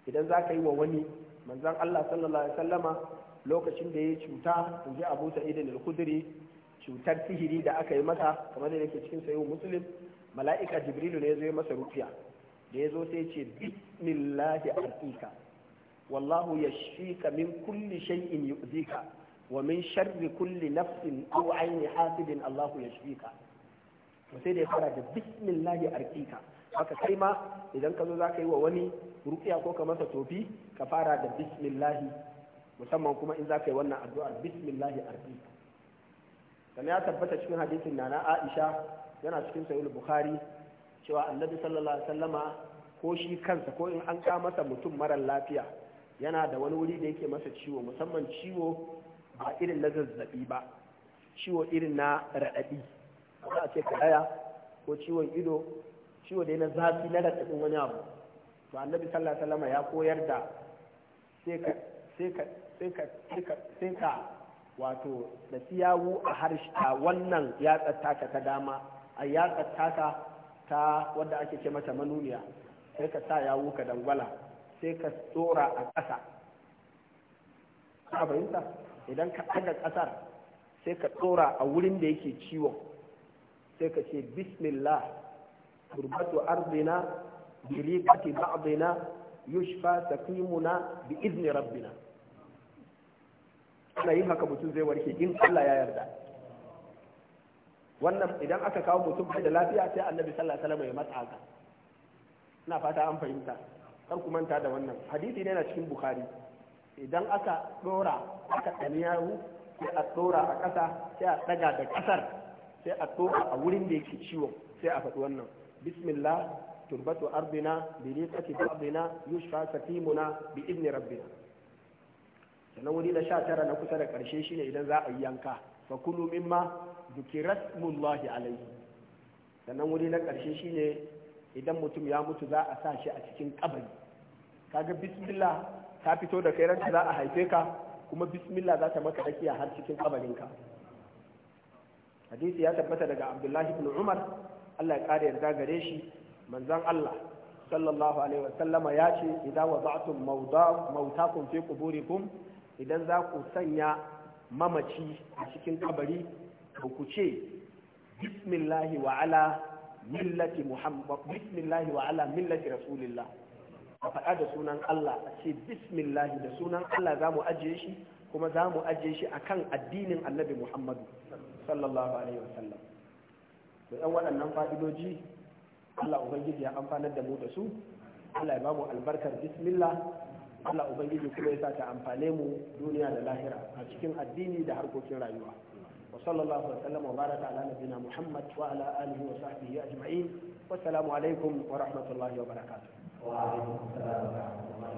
idan za ka yi wa wani manzan Allah sallallahu alaihi sallama lokacin da ya cuta in ji Abu Sa'id al-Khudri cutar sihiri da aka yi masa kamar da yake cikin sayyid Muslim mala'ika Jibrilu ne ya zo ya masa rukiya da ya zo sai ce bismillahi al'ika wallahu yashfika min kulli shay'in yu'zika wa min sharri kulli nafsin aw ayni hasidin Allahu yashfika sai da ya fara da bismillahi arqika haka kai ma idan ka zo za ka yi wa wani rukiya ko ka masa tofi ka fara da bismillahi musamman kuma in za ka yi wannan addu'ar bismillahi arqika sannan ya tabbata cikin hadisin nana Aisha yana cikin sahih Bukhari cewa annabi sallallahu alaihi wasallama ko shi kansa ko in an ka masa mutum mara lafiya yana da wani wuri da yake masa ciwo musamman ciwo ba irin na zazzabi ba ciwo irin na raɗaɗi za a ce kaɗaya ko ciwon ido ciwo da na zafi na raɗaɗin wani abu to annabi sallallahu alaihi wasallam ya koyar da sai ka sai ka sai ka wato da siyawu a harshe a wannan ya taka ta dama a yatsar taka ta wanda ake ce mata manuniya sai ka sa yawu ka dangwala sai ka tsora a ƙasa ka fahimta idan ka ɗaga ƙasar sai ka tsora a wurin da yake ciwon sai ka ce bismillah turbatu ardina bilikati ba'dina yushfa taqimuna bi izni rabbina ana yin haka mutum zai warke in Allah ya yarda wannan idan aka kawo mutum bai da lafiya sai annabi sallallahu alaihi wasallam ya matsa haka ina fata an fahimta kar ku manta da wannan hadisi ne na cikin bukhari idan aka dora aka ɗani yaro sai a dora a ƙasa sai a ɗaga da ƙasar sai a toka a wurin da yake ciwo sai a faɗi wannan bismillah turbatu ardina bi liqati ardina yushfa satimuna bi idni rabbina sannan wuri na sha tara na kusa da ƙarshe shine idan za a yi yanka fa kulu mimma dhukirasmullahi alayhi sannan wuri na karshe shine idan mutum ya mutu za a sa shi a cikin kabari kaga bismillah ta fito da kai ranka za a haife ka kuma bismillah za ta maka rakiya har cikin ka hadisi ya tabbata daga abdullahi ibn umar allah ya kare yarda gare shi manzon allah sallallahu alaihi wasallama ya ce idan wada'tum mautakum fi quburikum idan za ku sanya mamaci a cikin kabari ku ce bismillahi wa ala millati muhammad wa ala millati rasulillah a faɗa da sunan Allah a ce bismillahi da sunan Allah za mu ajiye shi kuma za mu ajiye shi akan addinin annabi Muhammadu sallallahu alaihi wasallam to waɗannan fa'idoji Allah ubangiji ya amfanar da mu da su Allah ya bamu albarkar bismillah Allah ubangiji kuma ya sa ta amfane mu duniya da lahira a cikin addini da harkokin rayuwa wa sallallahu alaihi wa baraka ala nabina Muhammad wa ala alihi wa sahbihi ajma'in wassalamu alaikum wa rahmatullahi wa barakatuh wa alaikum assalam wa rahmatullahi